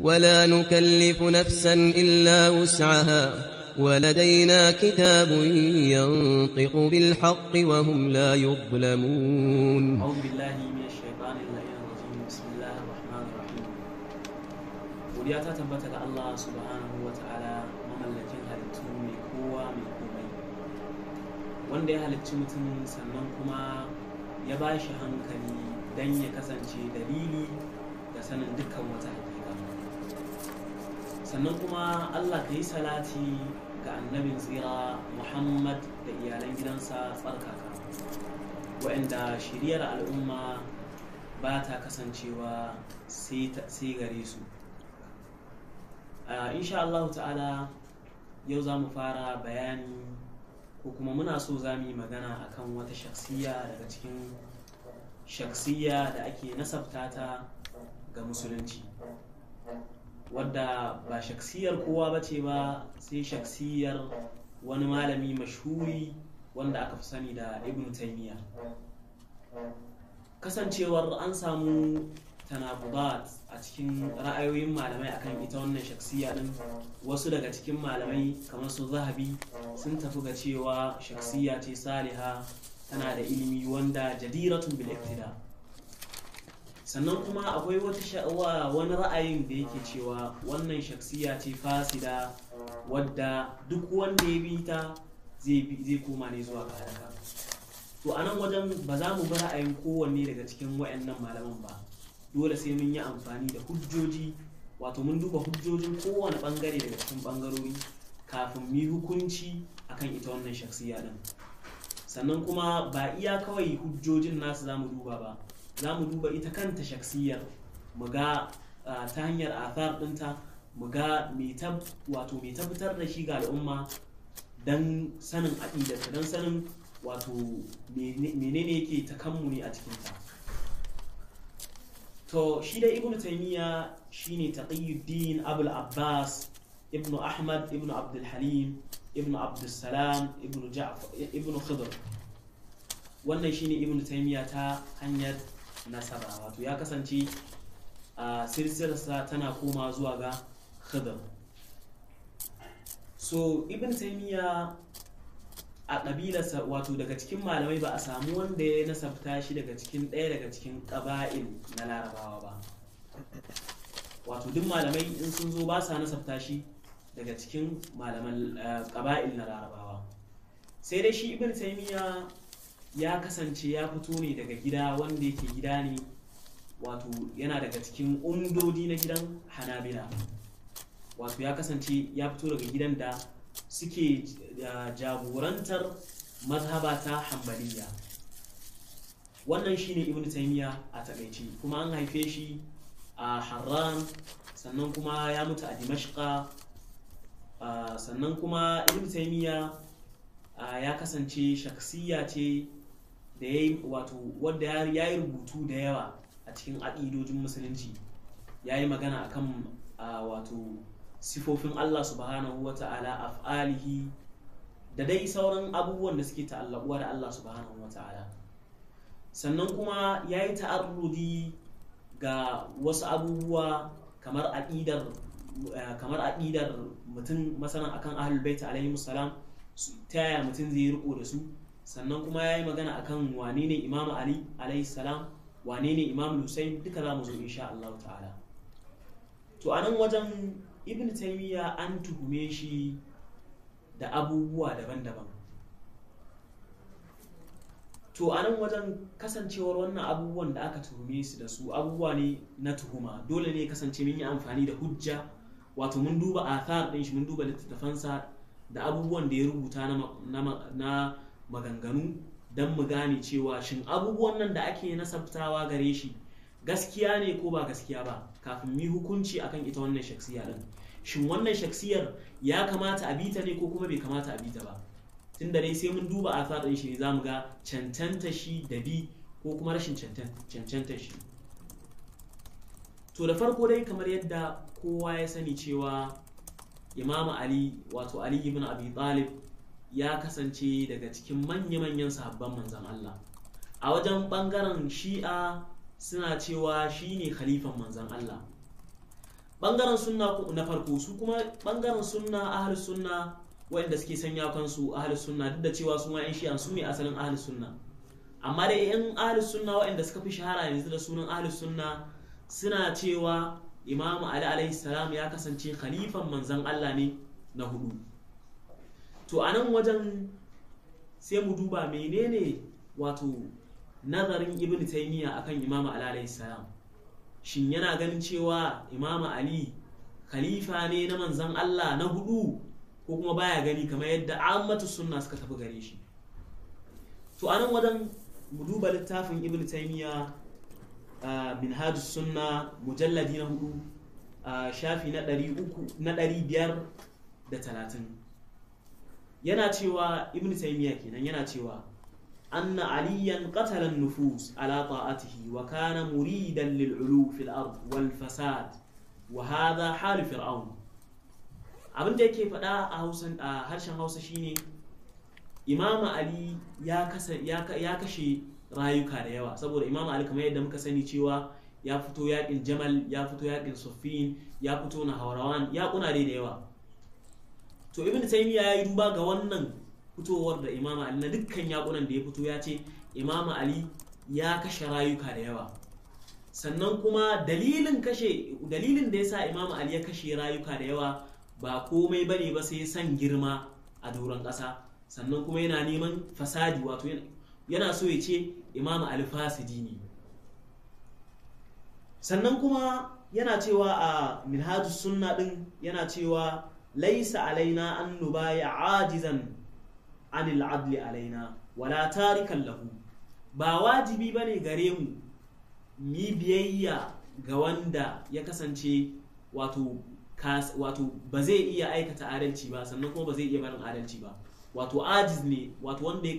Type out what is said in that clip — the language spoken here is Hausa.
ولا نكلف نفسا إلا وسعها ولدينا كتاب ينطق بالحق وهم لا يظلمون أعوذ بالله من الشيطان الرجيم بسم الله الرحمن الرحيم وليا تتبت الله سبحانه وتعالى mamallakin الذي هلتم kowa mai من wanda ya halicci mutum sannan kuma ya ba shi hankali don ya kasance dalili da sanin dukkan wata sannan kuma Allah ka yi salati ga annabin tsira Muhammad da iyalan gidansa tsarkaka waɗanda shiriyar al'umma ba ta kasancewa sai gare su ah, insha Allah ta'ala yau za mu fara bayani ko kuma muna so za mu yi magana akan wata shaksiya daga cikin shaksiya da ake nasabta ta ga musulunci wadda ba shaksiyar kowa ba ce ba sai shaksiyar wani malami mashhuri wanda aka fi sani da ibn taymiya kasancewar an samu tanabubat a cikin ra'ayoyin malamai akan ita wannan shaksiya din wasu daga cikin malamai kamar su zahabi sun tafi ga cewa shaksiya ce saliha tana da ilimi wanda jadiratun bil sannan kuma akwai wata sha'awa wani ra'ayin da yake cewa wannan shaksiya ce fasida wadda duk wanda ya bi ta zai koma ne zuwa ga halaka to a nan wajen ba za mu bi ra'ayin kowanne daga cikin wayannan malaman ba dole sai mun yi amfani da hujjoji wato mun duba hujjojin kowane bangare daga cikin bangarori kafin mu yi hukunci akan ita wannan shaksiya din sannan kuma ba iya kawai hujjojin nasu za mu duba ba za mu duba ita kanta shaksiyar mu ga ah, ta hanyar athar ɗinta mu ga wato mai tabbatar da shi ga al'umma don sanin aƙidarta don sanin wato menene yake ne a cikinta to shi dai ibnu taymiya shine taqiyuddin abul abbas ibnu ahmad ibnu abdul halim ibnu abdul salam ibnu ja'far ibnu khidr wannan shine ibnu taymiya ta hanyar nasara wato ya kasance a sirsirsa tana koma zuwa ga khidr so ibn taymiya a ƙabilarsa wato daga cikin malamai ba a samu wanda ya nasabta shi daga cikin ɗaya daga cikin ƙaba'in na larabawa ba wato duk malamai in sun zo ba sa nasabta shi daga cikin malaman na larabawa sai dai shi ibn taymiya ya kasance ya fito ne daga gida wanda yake gida ne wato yana daga cikin undodi na gidan hanabila wato ya kasance ya fito daga gidan da suke ah, jagorantar mazhaba ta hambaliya wannan shine ibn taimiya a takaice kuma an haife shi a harran sannan kuma ya mutu a dimashika ah, sannan kuma ibn taimiya ah, ya kasance shaksiya ce da ya yi wato wanda ya yi rubutu da yawa a cikin aƙidojin musulunci ya yi magana akan wato sifofin Allah subhanahu wa ta'ala af'alihi da dai sauran abubuwan da suke ta'allabuwa da Allah subhanahu wa ta'ala sannan kuma ya yi ta'arrudi ga wasu abubuwa kamar aƙidar eh, kamar mutum masana akan ahlul bait alaihi salam ta yaya mutum zai riko da su sannan kuma ya yi magana akan wane ne imamu ali alayhi salam wane ne imamu duka za mu zo insha Allah ta'ala to a nan wajen ibn taymiya an tuhume shi da abubuwa daban-daban to a nan wajen kasancewar wannan abubuwan da aka tuhume su da su abubuwa ne na tuhuma dole ne kasance mun yi amfani da hujja wato mun duba athar din shi mun duba littattafansa da abubuwan da ya rubuta na maganganu don mu gane cewa shin abubuwan nan da ake nasabtawa gare shi gaskiya ne ko ba gaskiya ba kafin mu hukunci akan ita wannan shaksiya din shin wannan shaksiyar ya kamata a bita ne ko kuma bai kamata a bita ba tun da dai sai mun duba athar ɗin shi ne mu ga cancanta shi da bi ko kuma rashin cancanta shi to da farko dai kamar yadda kowa ya sani cewa imamu ali wato ali ibn abi talib ya kasance daga cikin manya-manyan sabbin manzan Allah a wajen bangaren shi'a suna cewa shi ne khalifan manzan Allah ɓangaren sunna na farko su kuma ɓangaren sunna ahal sunna waɗanda suke sanya kansu ahal sunna duk da cewa su shi'a su ne asalin ahal sunna amma da 'yan ahal sunna waɗanda suka fi shahara yanzu da sunan ahal sunna suna cewa imamu ali salam ya kasance khalifan manzan Allah ne na hudu to a nan wajen sai mu duba menene wato nazarin ibn taymiya akan imamu ali alayhi salam shin yana ganin cewa imamu ali khalifa ne na manzon Allah na hudu ko kuma baya gani kamar yadda ammatu sunna suka tafi gare shi to anan wajen mu duba littafin ibn taymiya minhaj sunna mujalladi na hudu shafi na 300 na 530 yana cewa ibn taymiya kenan yana cewa anna aliyan qatala nufus ala ta'atihi wa kana muridan lil'ulu ulu fil ard wal fasad wa hadha hal fir'aun abin da yake faɗa a hausan a harshen hausa shine imam ali ya ya kashe rayuka da yawa saboda imam ali kamar yadda muka sani cewa ya fito yaƙin jamal ya fito yaƙin suffin ya fito na haurawan ya kuna dai da yawa to ibn taymiya yi duba ga wannan fitowar da imam ali na dukkan yakunan da ya fito ya ce imam ali ya kashe rayuka da yawa sannan kuma dalilin kashe dalilin da yasa imam ali ya kashe rayuka da yawa ba komai bane ba sai san girma a doron ƙasa sannan kuma yana neman fasadi wato yana so ya ce imam ali fasidi ne sannan kuma yana cewa a minhajus sunna din yana cewa laisa alaina an nubaya ajizan anil adli alaina wala tarikan lahu ba wajibi bane gare mu mi biyayya ga wanda ya kasance wato wato ba zai iya aikata adalci ba sannan kuma ba zai iya barin adalci ba wato ajiz ne wato wanda